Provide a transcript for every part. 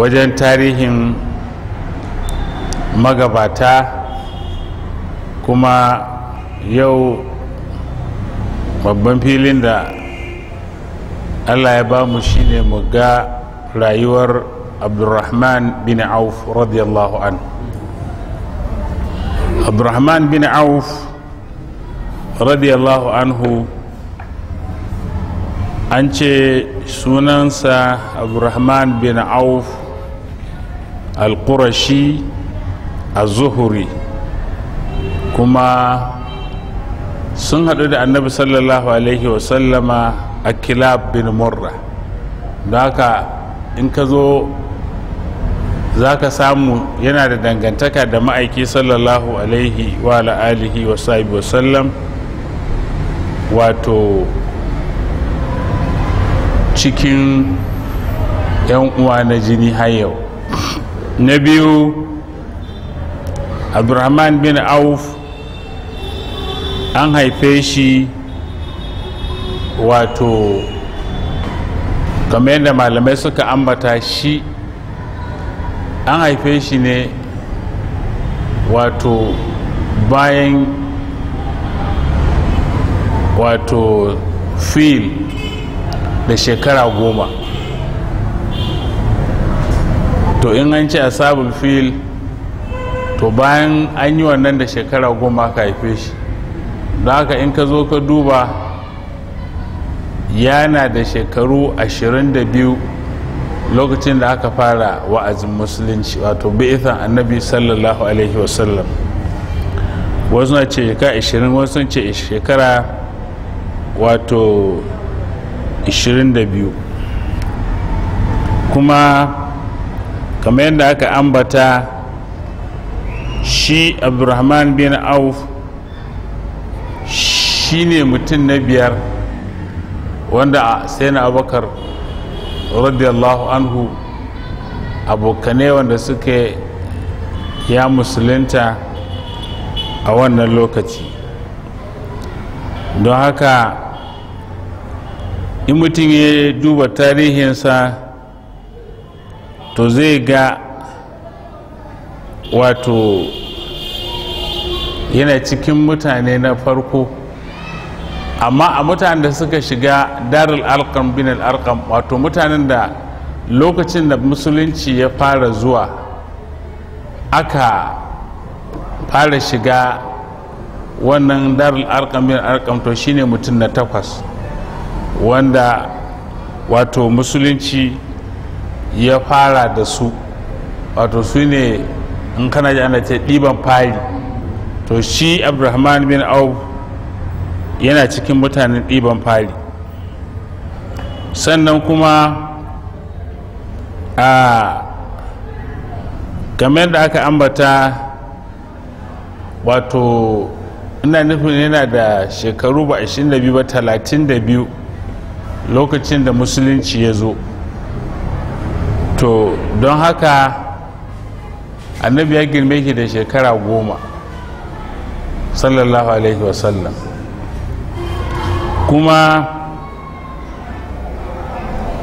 wajen tarihin magabata kuma yau babban filin da allah ya ba mu shine mu ga rayuwar abdurrahman bin auf radiyallahu an abdurrahman bin auf radiyallahu anhu an ce sunansa abdurrahman bin auf alƙurashi a zuhuri kuma sun haɗu da annabi sallallahu alaihi wasallama a kilab bin murra da haka in ka zo za ka samu yana da dangantaka da ma'aiki sallallahu alaihi wa alihi wa sahibi wasallam wato cikin 'yan uwa na jini hayau. na biyu abdurrahman bin auf an haife shi wato kamar yadda malamai suka ambata shi an haife shi ne wato bayan wato fil da shekara goma to in an ce a fil to bayan an yi wannan da shekara goma ka haife shi don haka in ka zo ka duba yana da shekaru 22 lokacin da aka fara wa'azin musulunci wato bi'ithan annabi sallallahu alaihi wasallam wasu na ce shekara 20 wasu na ce shekara wato 22 kuma kamar yadda aka ambata shi abdurrahman bin auf shi ne mutum na biyar wanda sai na radiyallahu anhu abokane wanda suke ya musulunta a wannan lokaci don haka in mutum ya duba tarihinsa to zai ga wato yana cikin mutane na farko amma a mutanen da suka shiga darul alkam bin alkam wato mutanen da lokacin da musulunci ya fara zuwa aka fara shiga wannan darul alkam bin alkam to shine mutum na takwas wanda wato musulunci ya fara da su wato su ne in kana ji ana ce ɗiban fari to shi abdulrahman bin auf yana cikin mutanen ɗiban fari sannan kuma a game da aka ambata wato ina nufin yana da shekaru ba 22 ba 32 lokacin da musulunci ya zo to don haka annabi ya girme ki da shekara goma sallallahu alaihi wasallam kuma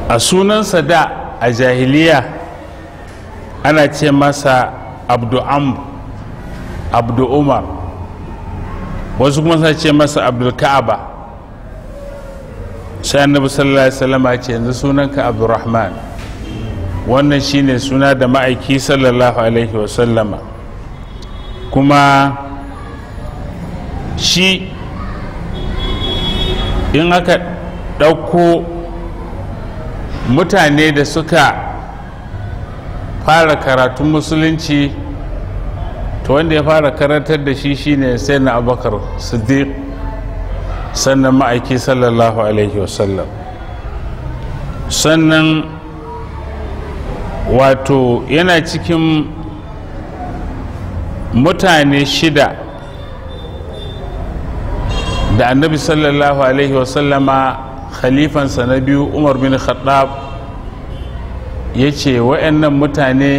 a sunansa da a jahiliya ana ce masa abdu abdu umar wasu kuma sa ce masa abdul ka'aba sai annabi sallallahu alaihi wasallam ce yanzu sunanka abdurrahman wannan shine suna da ma'aiki sallallahu alaihi wasallama kuma shi in aka ɗauko mutane da suka fara karatun musulunci to wanda ya fara karantar da shi shine sai na abakar siddiq sannan ma'aiki sallallahu alaihi wasallam sannan wato yana cikin mutane shida da annabi sallallahu alaihi wasallama khalifansa na biyu umar bin khattab ya ce wa'annan mutane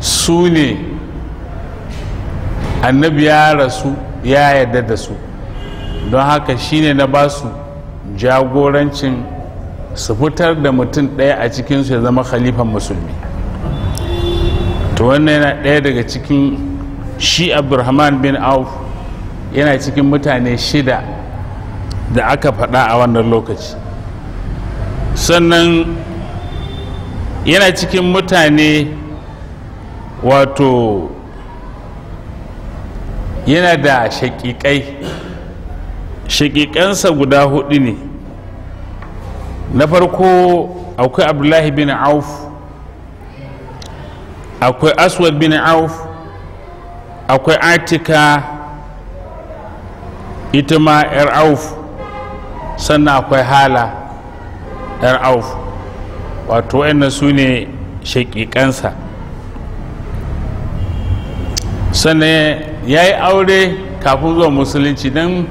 su ne annabi ya rasu ya yarda da su don haka shine na basu jagorancin su fitar da mutum ɗaya a cikinsu ya zama khalifan musulmi to wannan yana ɗaya daga cikin shi abdurrahman bin auf yana cikin mutane shida da aka faɗa a wannan lokaci sannan yana cikin mutane wato yana da shaƙiƙai shaƙiƙansa guda hudu ne na farko akwai abdullahi bin auf akwai aswad bin auf akwai atika ita ma 'yar auf sannan akwai hala 'yar auf wato wayannan su ne shakikansa sannan ya yi aure kafin zuwa musulunci don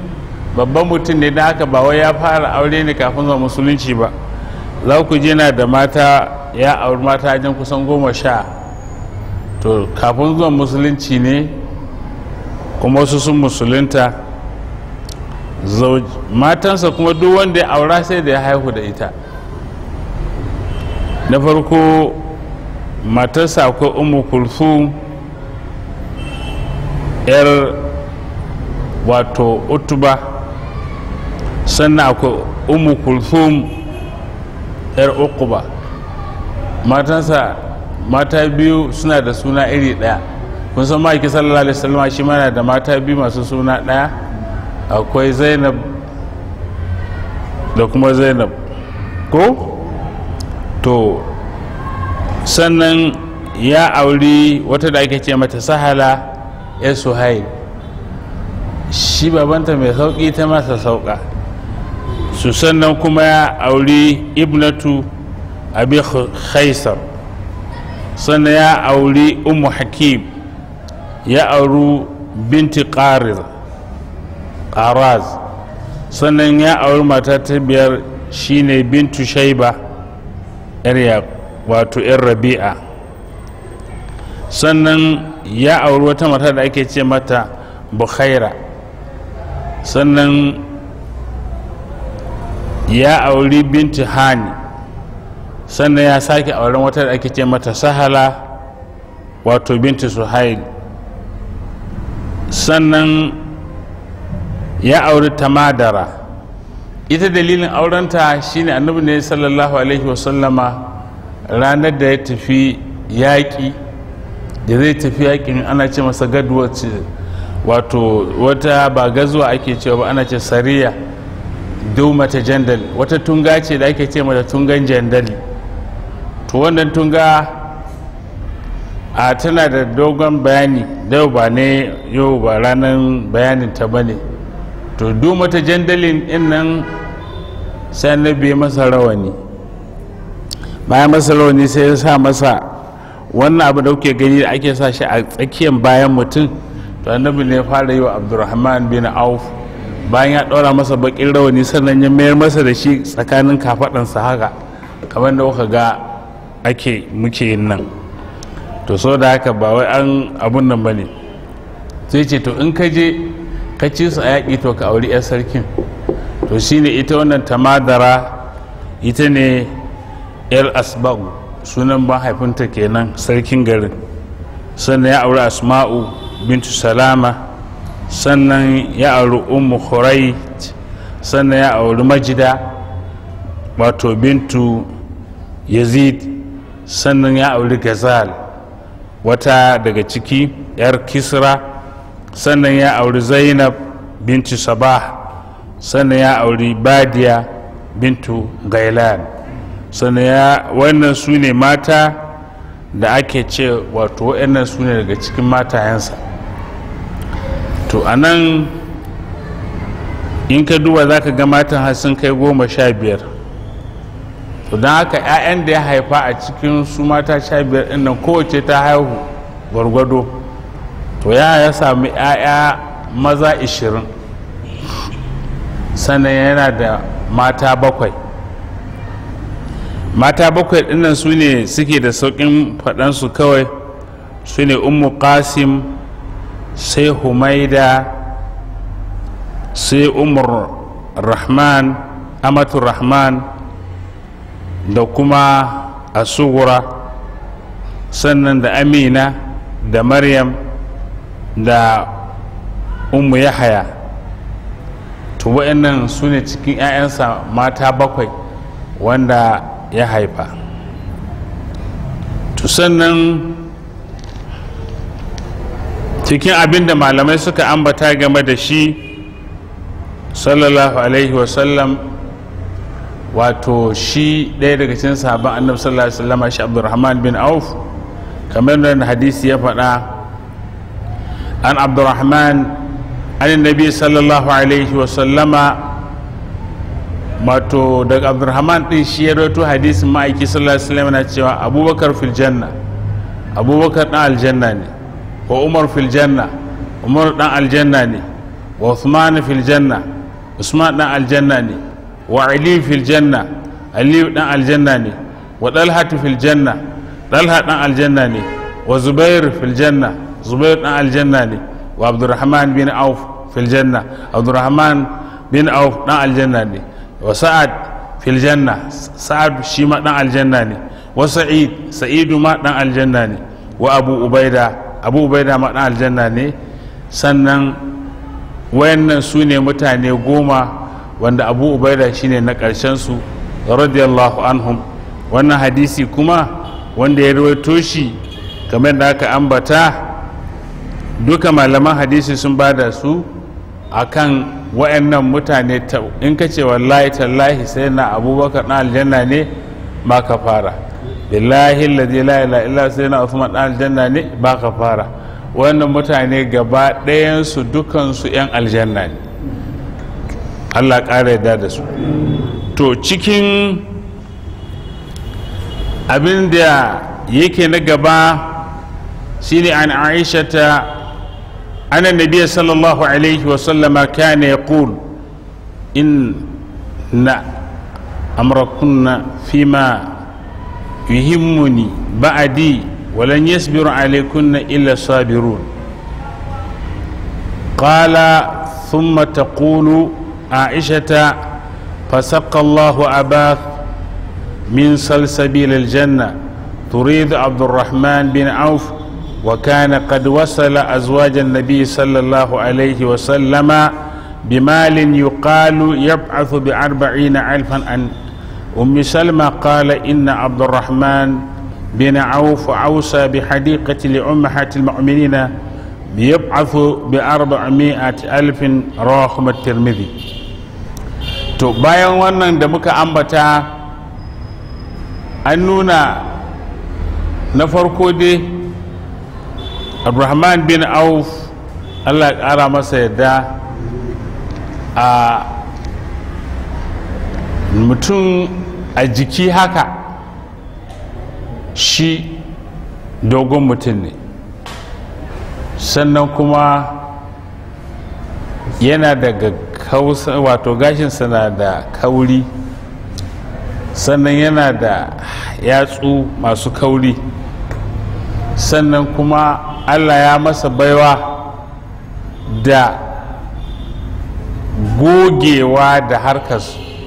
babban mutum ne da haka ba wai ya fara aure ne kafin zuwa musulunci ba za ku je yana da mata ya auri mata jan kusan goma sha to kafin zuwa musulunci ne kuma su sun musulunta matansa kuma duk wanda ya aura sai da ya haihu da ita na farko matarsa akwai umu kulfu yar wato utuba sannan akwai umu kulthum yar uquba matansa mata biyu suna da suna iri ɗaya kun san ma'aiki sallallahu alaihi wasallam shi mana da mata biyu masu suna ɗaya akwai zainab da kuma zainab ko to sannan ya auri wata da ake ce mata sahala ya suhail shi babanta mai sauƙi ta masa sauƙa su sannan kuma ya auri ibnatu abi khaisar sannan ya auri ummu hakim ya auri binti qaraz sannan ya auri mata ta biyar shine bintu shaiba yar wato 'yan rabi'a sannan ya auri wata mata da ake ce mata bukhaira sannan ya auri binti hani sannan ya sake auren wata da ake ce mata sahala wato binti suhail sannan ya auri tamadara ita dalilin aurenta shine annabi ne sallallahu alaihi wasallama ranar da ya tafi yaƙi da zai tafi yaƙin ana ce masa gaduwa wato wata ba gazuwa ake cewa ba ana ce sariya Dumata jandal wata tunga ce da ake ce mata tungan jandali to wannan tunga a tana da dogon bayani dau ba ne yau ba ranar bayanin ta bane to dumata jandalin din nan sai biya masa rawani bayan masa rawani sai ya sa masa wannan abu da kuke gani da ake sa shi a tsakiyar bayan mutum to annabi ne ya fara yi wa abdurrahman bin auf bayan ya ɗora masa bakin rawani sannan ya mayar masa da shi tsakanin kafaɗansa haka kamar da kuka ga ake muke yin nan to so da haka ba wai an abun nan ba ne sai ce to in ka je ka ci su a yaƙi to ka auri 'yar sarkin to shine ita wannan tamadara ita ne 'yar asba'u sunan ban haifinta kenan sarkin garin sannan ya auri asma'u bintu salama sannan ya auri umu khurayt sannan ya auri majida wato bintu yazid sannan ya auri gazal wata daga ciki yar kisra sannan ya auri zainab bintu sabah sannan ya auri badiya bintu gailan sannan ya wannan su ne mata da ake ce wato waɗannan su ne daga cikin matayensa to a nan in ka duba za ka ga matan har sun kai goma sha biyar to don haka 'ya'yan da ya haifa a cikin su mata sha biyar ɗin nan kowace ta haihu gwargwado to ya ya sami 'ya'ya maza ishirin sannan yana da mata bakwai mata bakwai dinnan su ne suke da sauƙin faɗansu kawai su ne ummu qasim sai humaida sai umar rahman amatu rahman da kuma asugura sannan da amina da maryam da ya yahaya to wa'annan su ne cikin 'ya'yansa mata bakwai wanda ya haifa to sannan cikin abin da malamai suka ambata game da shi sallallahu alaihi wasallam wato shi ɗaya daga cikin sahabban annabi sallallahu alaihi wasallam shi abdurrahman bin auf kamar yadda hadisi ya faɗa an abdurrahman an nabi sallallahu alaihi wasallama wato daga abdurrahman ɗin shi ya rawaito hadisin ma'aiki sallallahu alaihi wasallam na cewa abubakar fil janna abubakar ɗan aljanna ne wa umar fil janna umar dan aljanna ne wa usman fil janna usman dan aljanna ne wa ali fil janna ali dan aljanna ne wa dalha fil janna dalha dan aljanna ne wa zubair fil janna zubair dan aljanna ne wa abdurrahman bin auf fil janna abdurrahman bin auf dan aljanna ne wa sa'ad fil janna sa'ad shi ma dan aljanna ne wa sa'id sa'idu ma dan aljanna ne wa abu ubaida abu bai ma maɗan aljanna ne sannan wayannan su ne mutane goma wanda abu ubaida ne na ƙarshen su radiyallahu anhum wannan hadisi kuma wanda ya rawaito shi kamar da aka ambata duka malaman hadisi sun bada su akan wayannan mutane in ka ce wallahi tallahi sai na abubakar na aljanna ne ma ka fara billahi alladhi la ilaha illa na usman dan aljanna ne ba ka fara wannan mutane gaba ɗayan su dukan su yan aljanna ne Allah ƙara yarda da su to cikin abin da yake na gaba shine an Aisha ta أن النبي صلى الله عليه وسلم كان يقول إن أمركن fima. yuhimmuni ba'adi walan yasbiru alaykunna illa sabirun qala thumma taqulu aishata fasaqqa allahu abath min salsabil aljanna turid abdurrahman bin auf wa kana qad wasala azwaj an-nabi sallallahu alayhi wa sallama bimalin yuqalu yab'athu bi 40 alfan an أم سلمة قال إن عبد الرحمن بن عوف أوصى بحديقة لأمهات المؤمنين يبعث بأربعمائة ألف رحم الترمذي to bayan wannan da muka ambata an nuna na farko dai abdulrahman bin auf allah ƙara masa yadda a mutum a jiki haka shi dogon mutum ne sannan kuma yana daga wato gashinsa na da kauri sannan yana da yatsu masu kauri sannan kuma allah ya masa baiwa da gogewa da harkar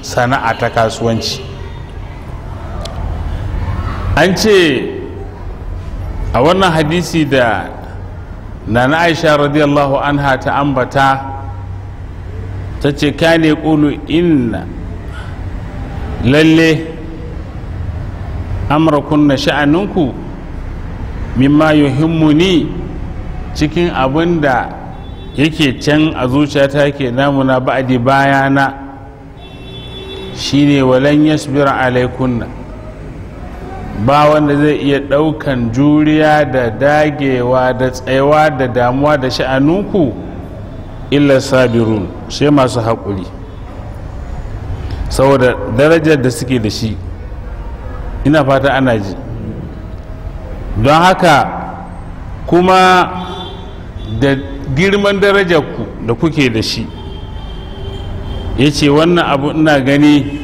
sana'a ta kasuwanci an ce a wannan hadisi da nana aisha radiyallahu anha ta ambata ta ce "Ka ne ƙulu inna lalle kunna sha'aninku mimma ni. cikin abin da yake can a zuciyata yake namuna ba'adi bayana shine walan yasbir alaikunna ba wanda zai iya ɗaukan juriya da dagewa da tsayawa da damuwa da sha'anunku illa sabirun sai masu haƙuri saboda darajar da suke da shi ina fata ana ji don haka kuma da girman darajar ku da kuke da shi ya ce wannan abu ina gani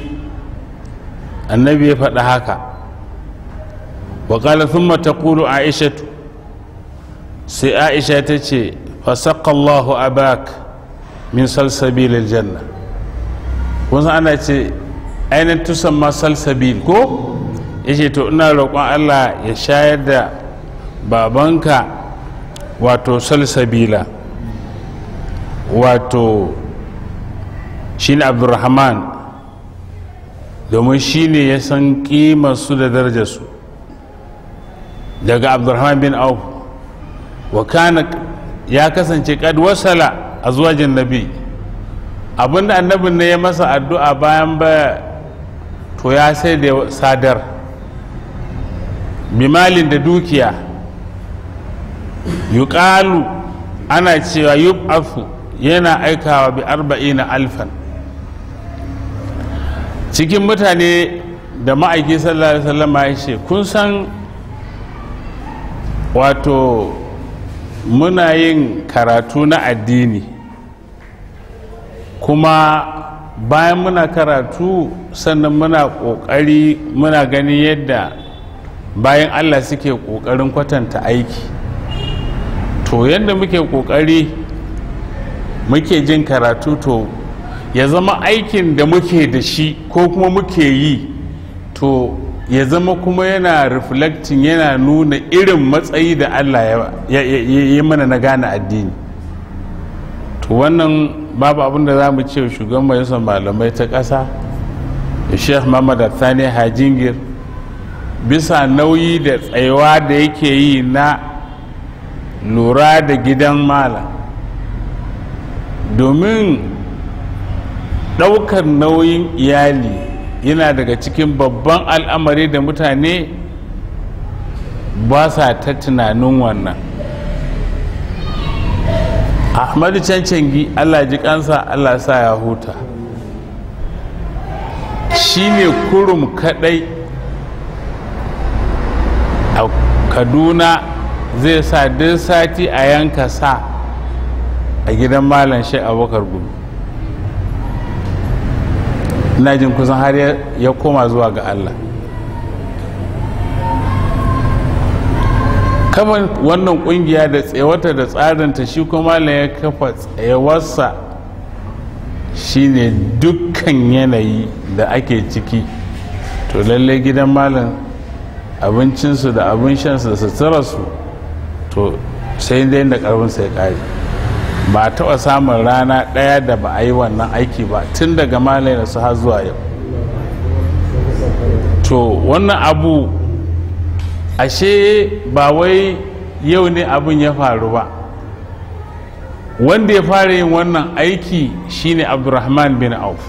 annabi ya faɗa haka wa ƙala thumma taqulu aishatu sai aisha ta ce fasaqallahu abak min salsabi janna kun ana ce ainihin tusan ma salsabil ko ya ce to ina roƙon allah ya shayar da babanka wato salsabila wato shi shine abdurrahman domin shi ne ya san su da darajarsu daga abdurrahman bin auf wa kana ya kasance kad wasala a zuwajin nabi abinda annabin ne ya masa addu'a bayan ba to ya sai da sadar bimalin da dukiya yuqalu ana cewa yub'afu yana aikawa bi arba'ina alfan cikin mutane da ma'aiki sallallahu alaihi wasallam ya ce kun san wato muna yin karatu na addini kuma bayan muna karatu sannan muna ƙoƙari muna ganin yadda bayan allah suke ƙoƙarin kwatanta aiki to yadda muke ƙoƙari muke jin karatu to ya zama aikin da muke da shi ko kuma muke yi to ya zama kuma yana reflecting yana nuna irin matsayi da allah ya yi mana na gane addini to wannan babu abin da za mu ce shugaban majalisar malamai ta ƙasa sheikh muhammad Sani hajingir bisa nauyi da tsayawa da yake yi na lura da gidan malam domin ɗaukar nauyin iyali yana daga cikin babban al'amari da mutane ba sa ta tunanin wannan ahmadu cancangi allah ji kansa allah sa ya huta shi ne kurum kadai a kaduna zai sa duk sati a yanka sa a gidan malam shi abokar gudu. ina jin kusan har ya koma zuwa ga allah kama wannan kungiya da tsewata da tsarinta shi kuma la ya kafa tsewarsa shine dukkan yanayi da ake ciki to lalle gidan malam abincinsu da abin shansu da suturarsu to sai dai da karbinsa ya kare ba taɓa samun rana ɗaya da ba a yi wannan aiki ba tun daga malayin su har zuwa yau to wannan abu ashe ba wai yau ne abin ya faru ba wanda ya fara yin wannan aiki shine abdurrahman bin auf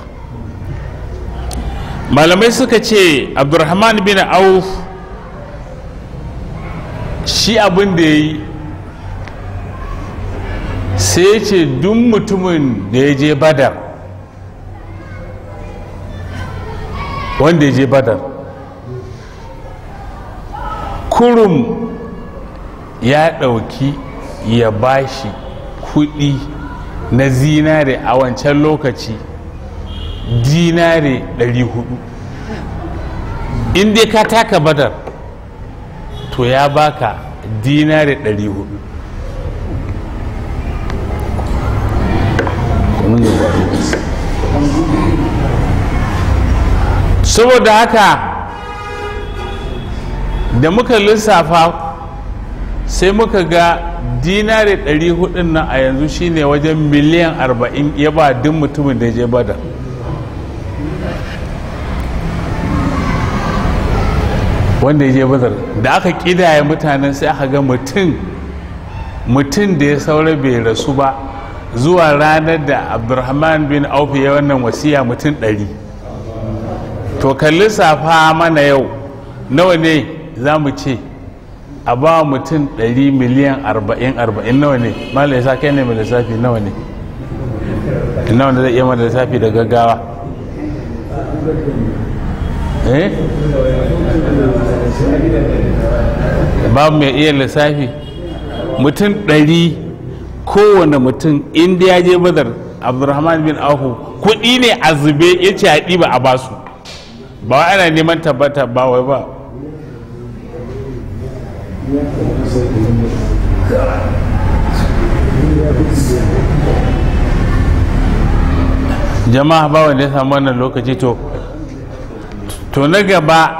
malamai suka ce abdurrahman bin auf shi abin da ya yi sai ce duk mutumin da ya je badar wanda ya je badar kurum ya ɗauki ya bashi kuɗi na zinare a wancan lokaci dinare 400 in dai ka taka badar to ya baka dinare 400 saboda haka da muka lissafa sai muka ga dinari 400 nan a yanzu shine wajen miliyan 40 ya ba duk mutumin da je bada wanda ya je badar da aka kidaye mutanen sai aka ga mutum mutum da ya saura bai rasu ba zuwa ranar da abdulrahman bin auf ya wannan wasiya mutum ɗari to kalli safa mana yau nawa ne za mu ce a ba mutum ɗari miliyan arba'in arba'in nawa ne mala ya sa kai ne mai lissafi nawa ne nawa ne zai iya mai lissafi da gaggawa eh babu mai iya lissafi mutum ɗari kowane mutum inda ya je badar abdurrahman bin ahu kuɗi ne a zube ya ce a ɗiba a basu ba wa ana neman tabbata ba wai ba jama'a ba wanda ya samu wannan lokaci to na gaba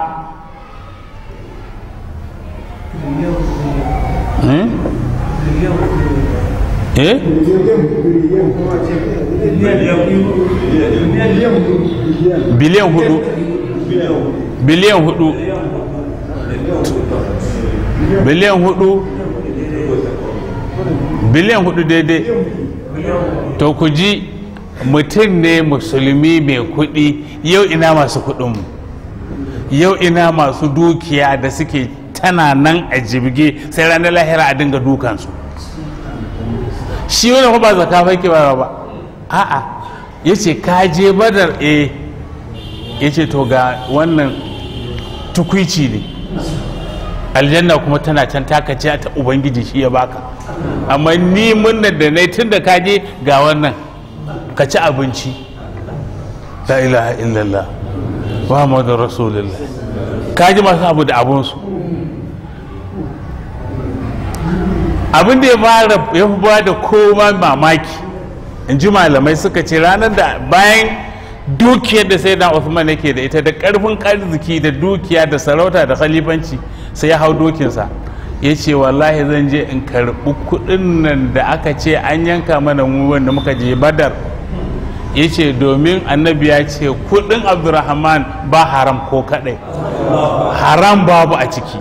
Eh? biliyan hudu biliyan hudu biliyan hudu biliyan hudu daidai to ku ji mutum ne musulmi mai kudi yau ina masu kudinmu yau ina masu dukiya da suke tana nan a jibge sai ranar lahira a dinga dukansu shi wani ba zaka fa yake bayarwa ba a'a yace ka je badar eh yace to ga wannan tukwici ne aljanna kuma tana can taka a ta ubangiji shi ya baka amma ni mun da nai tun da ka je ga wannan ka ci abinci la ilaha illallah muhammadur rasulullah ka ji masu abu da abunsu abin da ya fi ba da kowa mamaki in ji malamai suka ce ranar da bayan dukiyar da sai dan Uthman yake da ita da karfin arziki da dukiya da sarauta da khalifanci sai ya hau dokinsa ya ce wallahi zan je in karbi kuɗin nan da aka ce an yanka mana mu wanda muka je badar ya ce domin annabi ya ce kuɗin abdurrahman ba haram ko kaɗai haram babu a ciki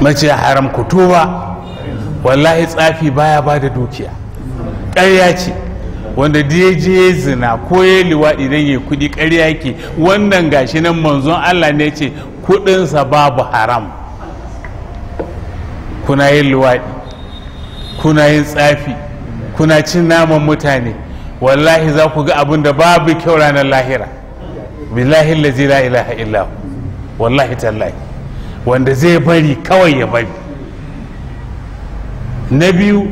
mace haram ku tuba wallahi tsafi baya ba da dukiya ƙarya ce wanda je zina ko ya liwa idan ya kudi ƙarya yake wannan gashi nan manzon Allah ne ce kudinsa babu haram kuna yin luwaɗi kuna yin tsafi kuna cin naman mutane wallahi za ku ga abin da babu kyau ranar lahira billahi lazi la ilaha illahu wallahi tallahi wanda zai bari kawai ya bari na biyu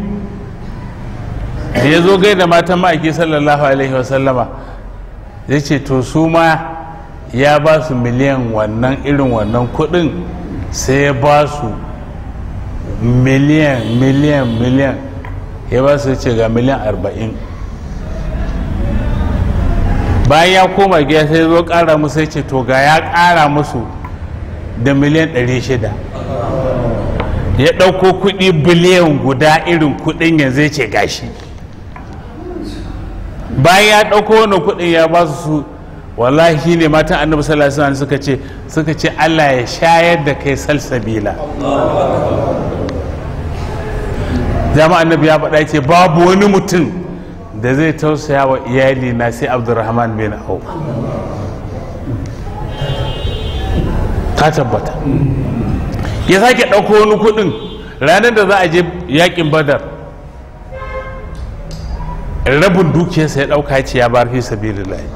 ya zo gai da matan ma'aiki sallallahu alaihi wasallama ya ce to su ma ya ba su miliyan wannan irin wannan kudin sai ya ba su miliyan miliyan miliyan ya ba su ce ga miliyan arba'in bayan ya koma gida sai zo kara musu ya ce to ga ya kara musu da miliyan 600 ya ɗauko kuɗi biliyan guda irin kuɗin yanzu ce gashi bayan ya ɗauko wannan kuɗin ya ba su wallahi ne matan annabi sallallahu alaihi suka ce suka ce Allah ya shayar da kai salsabila jama'a annabi ya faɗa ce babu wani mutum da zai tausaya wa iyali na sai abdurrahman bin auf ta tabbata ya sake ɗauko wani kuɗin ranar da za a je yakin badar rabin dukiyarsa ya ɗauka ce ya bar fi layi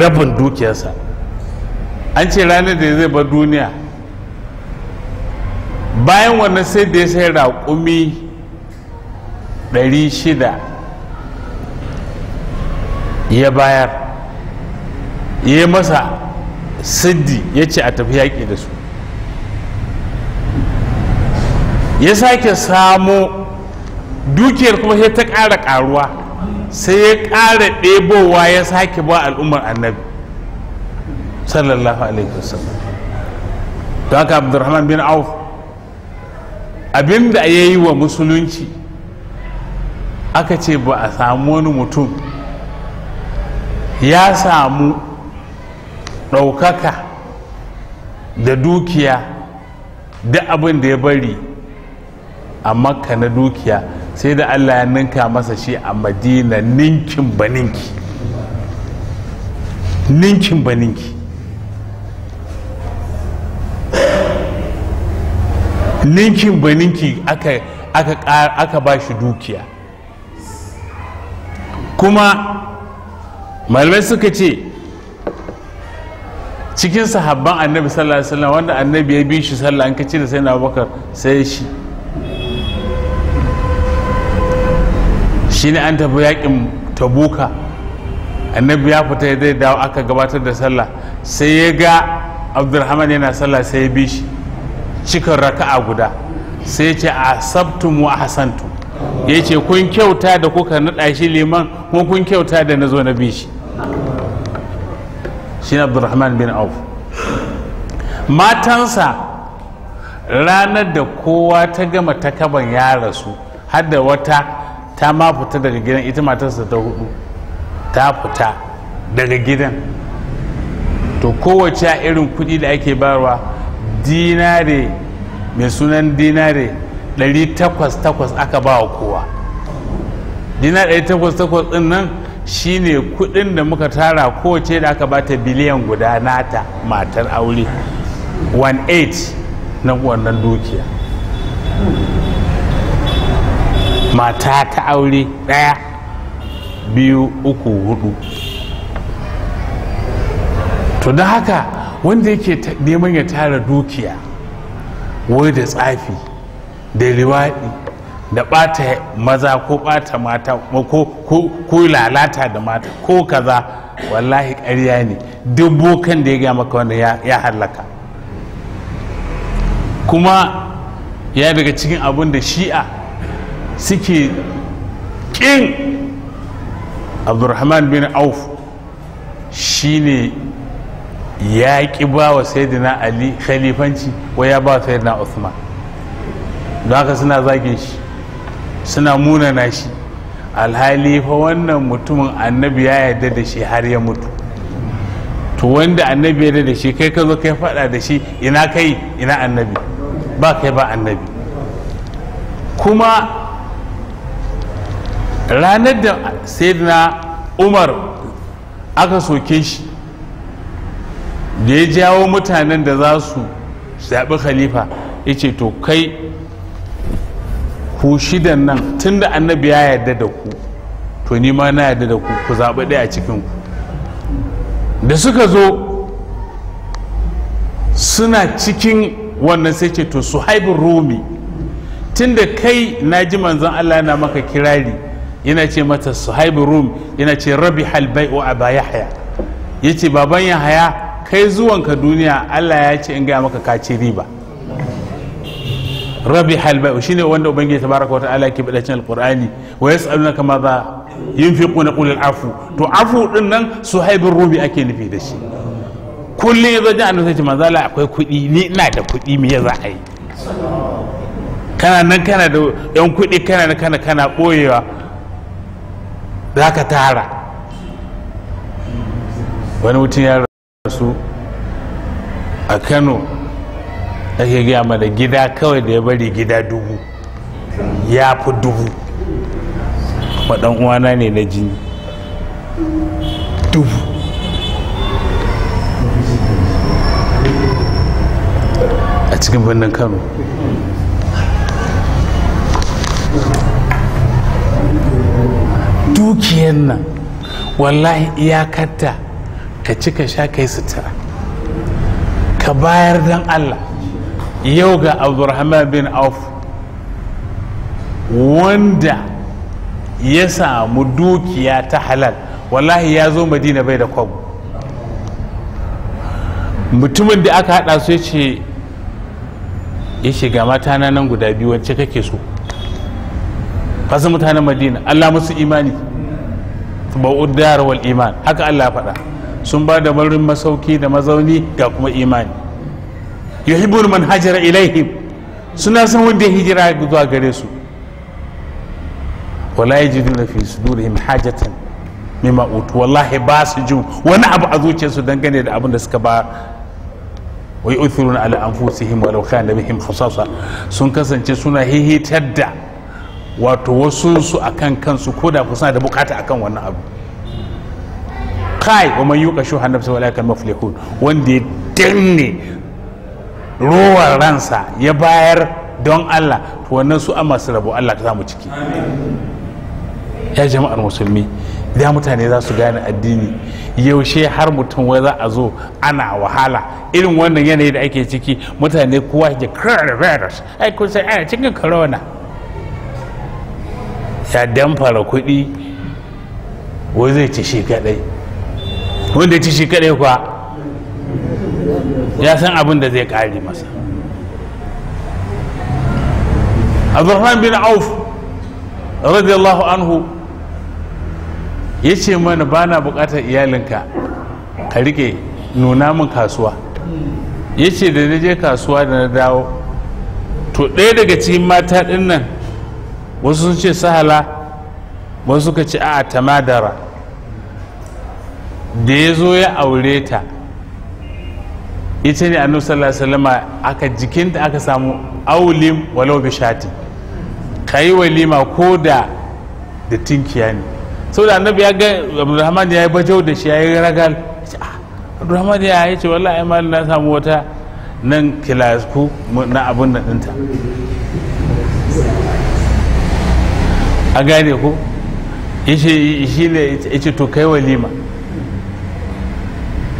rabin dukiyarsa an ce ranar da zai bar duniya bayan wannan sai da ya sai raƙumi 600 ya bayar ya yi masa siddi ya ce a tafi yaƙi da su ya sake samo dukiyar kuma sai ta ƙara ƙaruwa sai ya ƙara ɗebowa ya sake ba al'ummar annabi sallallahu alaihi wasallam don haka abdurrahman bin auf abinda ya yi wa musulunci aka ce ba a samu wani mutum ya samu ɗaukaka da dukiya da abin da ya bari a makka na dukiya sai da allah ya ninka masa shi a madina ninkin baninki ninkin baninki ninkin baninki aka, aka ba shi dukiya kuma malamai suka ce cikin sahabban annabi sallallahu alaihi wasallam wanda annabi ya bi shi sallah an kace da sayyidina abubakar sai shi shine an tafi yakin tabuka annabi ya fita zai dawo aka gabatar da sallah sai ya ga abdulrahman yana sallah sai ya bi shi cikin raka'a guda sai ce a sabtum a hasantu ya ce kun kyauta da kuka naɗa shi liman kuma kun kyauta da na zo na bi shi shine abdurrahman bin auf matansa ranar da kowa ta gama ta kaban ya rasu har da wata ta ma fita daga gidan ita matarsa ta hudu ta fita daga gidan to kowace irin kudi da ake barwa dinare mai sunan dinare 800 aka ba wa kowa dinare 800 din nan shine kudin da muka tara kowace da aka bata biliyan guda nata matar aure 1.8 na wannan dukiya mata ta aure ɗaya biyu uku hudu to don haka wanda yake neman ya tara dukiya wai da tsafi da liwaɗi da ɓata maza ko ɓata mata ko lalata da mata ko kaza wallahi ƙarya ne duk bokan da ya gaya maka wanda ya hallaka kuma ya daga cikin abin da shi'a suke ƙin abdurrahman bin auf shine ya ƙi ba wa sayyidina ali khalifanci ko ya ba wa sayyidina usman don haka suna zagin shi suna munana shi alhali fa wannan mutumin annabi ya yarda da shi har ya mutu to wanda annabi ya da shi kai ka zo kai faɗa da shi ina kai ina annabi ba kai ba annabi kuma ranar da sayyidina umar aka soke shi da ya jawo mutanen da za su zaɓi khalifa ya ce to kai ku shidan nan tunda annabi ya yarda da ku to ni ma na yarda da ku ku zaɓi ɗaya a cikin ku da suka zo suna cikin wannan sai ce to su haibin rumi tunda kai na ji manzon Allah na maka kirari yana ce mata su haibin rumi yana ce rabi halbai wa aba haya. ya ce baban ya haya kai zuwanka duniya Allah ya ce in gaya maka kaci riba rabi halba shine wanda ubangiji tabaraka wa wata ke bada cikin alqur'ani wa yasaluna kama za kuna qul afu to afu din nan haibin rubi ake nufi da shi kullum ya zo ji annabi sai la akwai kuɗi ni ina da kuɗi me za a yi kana nan kana da yan kuɗi kana nan kana kana ɓoyewa za ka tara wani mutum ya rasu a kano ake gaya mana gida kawai da ya bari gida dubu ya fi dubu uwana ne na jini dubu a cikin birnin kano dukiyar nan wallahi iyakarta ka ci ka sha kai sutura ka bayar don allah yau ga Abdulrahman bin auf wanda ya samu dukiya ta halal wallahi ya zo madina bai da kwabu mutumin da aka hada su yace ce ya shiga mata na nan guda biyu wacce kake so kasu mutanen madina allah musu imani ba'udar wal iman haka allah faɗa sun ba da marin masauki da mazauni ga kuma imani yuhibbul man hajara ilaihim suna san wanda ya hijira zuwa gare su wala yajiduna fi sudurihim hajatan mimma utu wallahi ba su ji wani abu a zuciyarsu dangane da abin da suka ba wa yu'thiruna ala anfusihim walau kana bihim khasasa sun kasance suna hihitar da wato wasu su akan kansu ko da suna da bukata akan wannan abu kai wa man yuqa shuha wala kan maflihun wanda ya danne rowar ransa ya bayar don Allah to wannan su an masu rabo Allah ta mu ciki ya jama'ar musulmi da mutane za su gane addini yaushe har mutum wai za a zo ana wahala irin wannan yanayi da ake ciki mutane kowa ke coronavirus ai kun sai ana cikin corona ya damfara kuɗi wai zai ci shi kadai wanda ya ci shi kadai kuwa ya san abin da zai kare masa abdurrahman bin auf radiyallahu anhu ya ce mana ba na bukatar iyalinka ka rike nuna min kasuwa ya ce da na je kasuwa da na dawo to ɗaya daga cikin mata ɗin nan wasu sun ce sahala wasu suka ce a tamadara da ya zo ya aure ta ita ne annabi sallallahu alaihi wasallama aka jikinta aka samu aulim walau bi shati kai walima ko da da tinkiya ne saboda annabi ya ga abdurrahman ya yi bajau da shi ya yi ragal ah, abdurrahman ya yi ce wallahi ma na samu wata nan kilasku na abun da dinta a gane ko shi ne ce to kai walima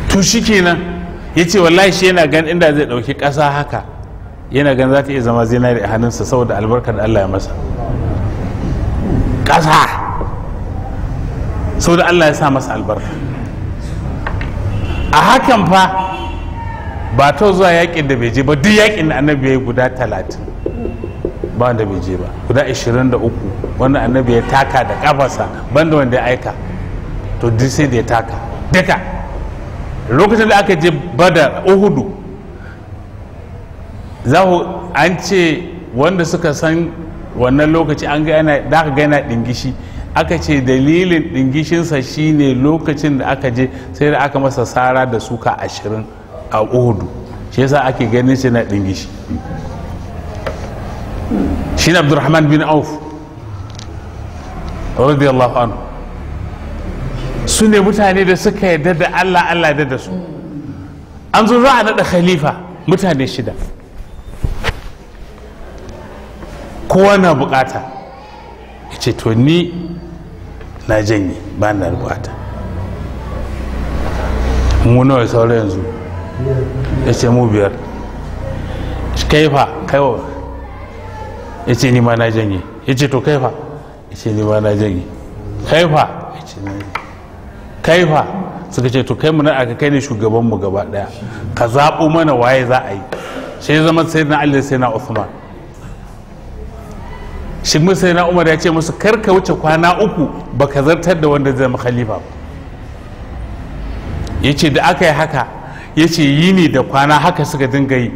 to kenan ya ce wallahi shi yana gan inda zai ɗauki ƙasa haka yana gan za ta iya zama zinari a hannunsa saboda albarkar da Allah ya masa ƙasa saboda Allah ya sa masa albarka a hakan fa ba ta zuwa yakin da bai je ba duk yakin da annabi ya yi guda talatin ba wanda bai je ba guda ashirin da uku wanda annabi ya taka da kafarsa banda wanda ya aika to duk sai da ya taka duka lokacin da aka je bada uhudu za an ce wanda suka san wannan lokaci an ga da aka gana dingishi aka ce dalilin dingishinsa shine lokacin da aka je sai da aka masa sara da suka ashirin a uhudu shi yasa ake ganin shi na dingishi shi ne abdurrahman bin auf radiyallahu anhu su ne mutane da suka yarda da Allah Allah da da su an zo za a naɗa khalifa mutane shida kowa na bukata ya ce to ni na janye ba na bukata mu nawa saura yanzu ya ce mu biyar kaifa kaiwa ya ce ni ma na janye ya ce to kaifa ya ce ni ma na janye kaifa ya ce na kaifa suka ce to kai mu na aka kai ne shugaban mu gaba daya ka zaɓo mana waye za a yi sai zama sai na Allah sai na Uthman shi mu sai na Umar ya ce musu kar ka wuce kwana uku baka zartar da wanda zai zama khalifa ba ce da aka yi haka ya ce yi ne da kwana haka suka dinga yi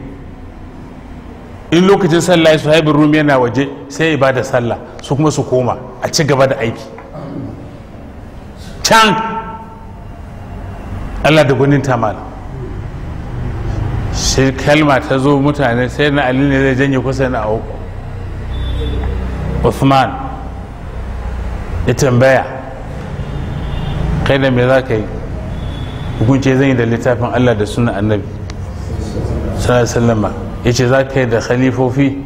in lokacin sallah su haibin rumi yana waje sai ya bada sallah su kuma su koma a ci gaba da aiki can allah da gwanin tamal shi kalma ta zo mutane sai na ali ne zai janye kusa na auku usman ya tambaya kai da me za ka yi hukunce zan yi da littafin allah da suna annabi sallama ya ce za ka yi da khalifofi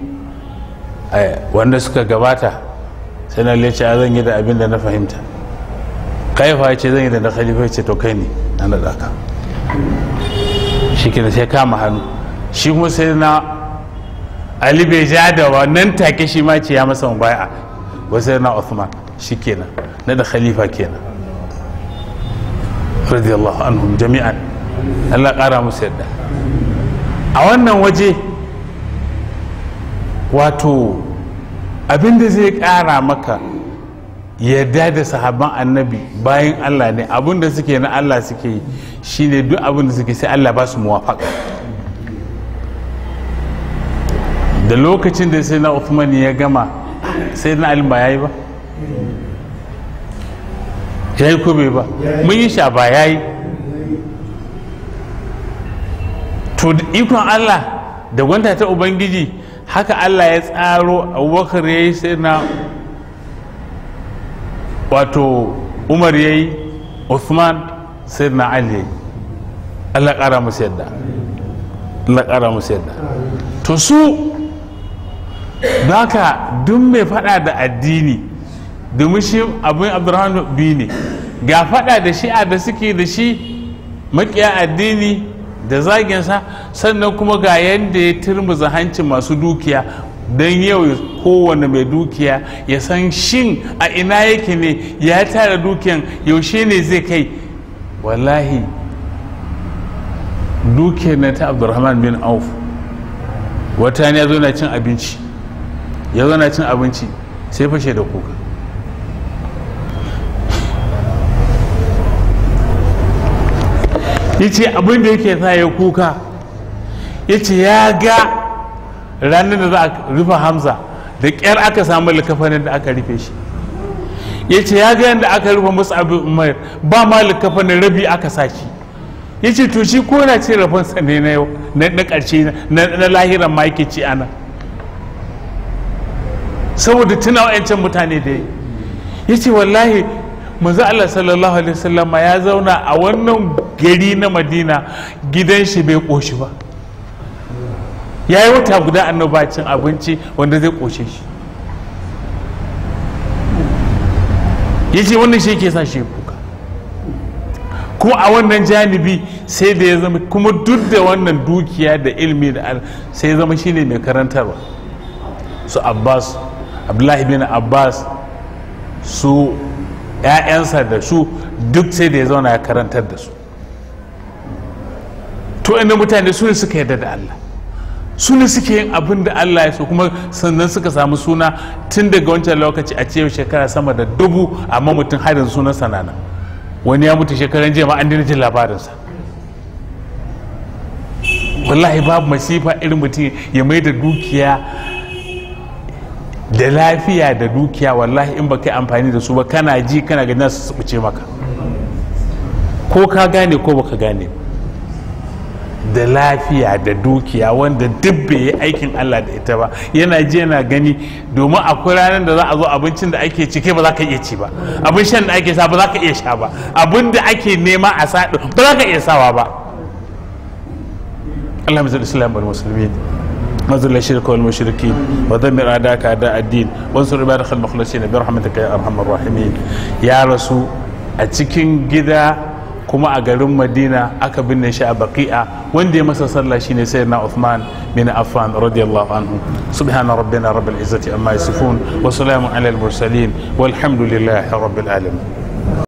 eh, wanda suka gabata sai na lece zan yi da abin da na fahimta kaifa ce zan yi da na khalifofi ce to kai ne ya naɗa ka shi kenan sai kama hannu shi kuma sai na ali bai ja da wannan take shi ma ce ya masa mubaya wa sai na Uthman shi kenan na da khalifa kenan radiyallahu anhum jami'an Allah ƙara musu yadda a wannan waje wato abinda zai ƙara maka yadda da sahaban annabi bayan Allah ne abin da suke na Allah suke shine duk abin da suke sai Allah ba su muwafaka da lokacin da sai na Uthman ya gama sai na Ali ba yi ba Ya yi bai ba mun yi sha ba yi. to ikon Allah da gwanta ta ubangiji haka Allah ya tsaro Abubakar yayi sai na wato umar ya yi sai na ali yayi allah ƙara musu yadda allah musu yadda to su baka duk mai fada da addini domin shi abin abdurrahman bi ne ga fada da shi'a da suke da shi makiya addini da zaginsa sannan kuma ga yadda ya turmuza hancin masu dukiya don yau kowane mai dukiya ya san shin a ina yake ne ya tara dukiyan yaushe ne zai kai wallahi dukiyar na ta abdurrahman bin auf wata ne ya zo na cin abinci ya zo na cin abinci sai fashe da kuka ya ce abin da yake sa ya kuka ya ce ya ga ranar da za a rufe hamza da ƙyar aka samu likafanin da aka rufe shi ya ce ya ga yadda aka rufe musu abin umar ba ma likafanin rabi aka sa shi ya ce to shi ko na ce rabon ne na yau na ƙarshe na lahiran ma yake ci ana saboda tuna wa'ancan mutane da ya ce wallahi manzo Allah sallallahu alaihi wasallam ya zauna a wannan gari na Madina gidan shi bai koshi ba ya yi wata guda annoba cin abinci wanda zai koshe shi ya ce wannan shi ke sa shi kuka kuma a wannan janibi sai da ya zama kuma duk da wannan dukiya da ilmi da sai ya zama shine mai karantarwa su abbas abdullahi bin abbas su 'ya'yansa da su duk sai da ya zauna ya karantar da su to inda mutane su ne suka yarda da allah su ne suke yin abin da Allah ya so kuma sannan suka samu suna tun daga wancan lokaci a cewa shekara sama da dubu amma mutum harin sunan sanana wani ya mutu shekaran jiya ma an dina jin labarinsa wallahi babu masifa irin mutum ya mai da dukiya da lafiya da dukiya wallahi in ba kai amfani da su ba kana ji kana ganin su buce maka ko ka gane ko baka gane ba da lafiya da dukiya wanda duk bai yi aikin Allah da ita ba yana ji yana gani domin akwai ranar da za a zo abincin da ake cike ba za ka iya ci ba abin shan da ake sa ba za ka iya sha ba abin da ake nema a sa ba za ka iya sawa ba Allah mai zai islam bar musulmi shirka wal muslimin مزل الشرك والمشركين ودمر أعداءك أعداء الدين وانصر عبادك المخلصين برحمتك يا arhamar الراحمين ya rasu a cikin gida kuma a garin madina aka binne shi a baqi'a wanda ya masa sallah shine sayyidina uthman bin affan radiyallahu anhu subhana rabbina rabbil izzati amma yasifun wa salamun alal mursalin walhamdulillahi rabbil alamin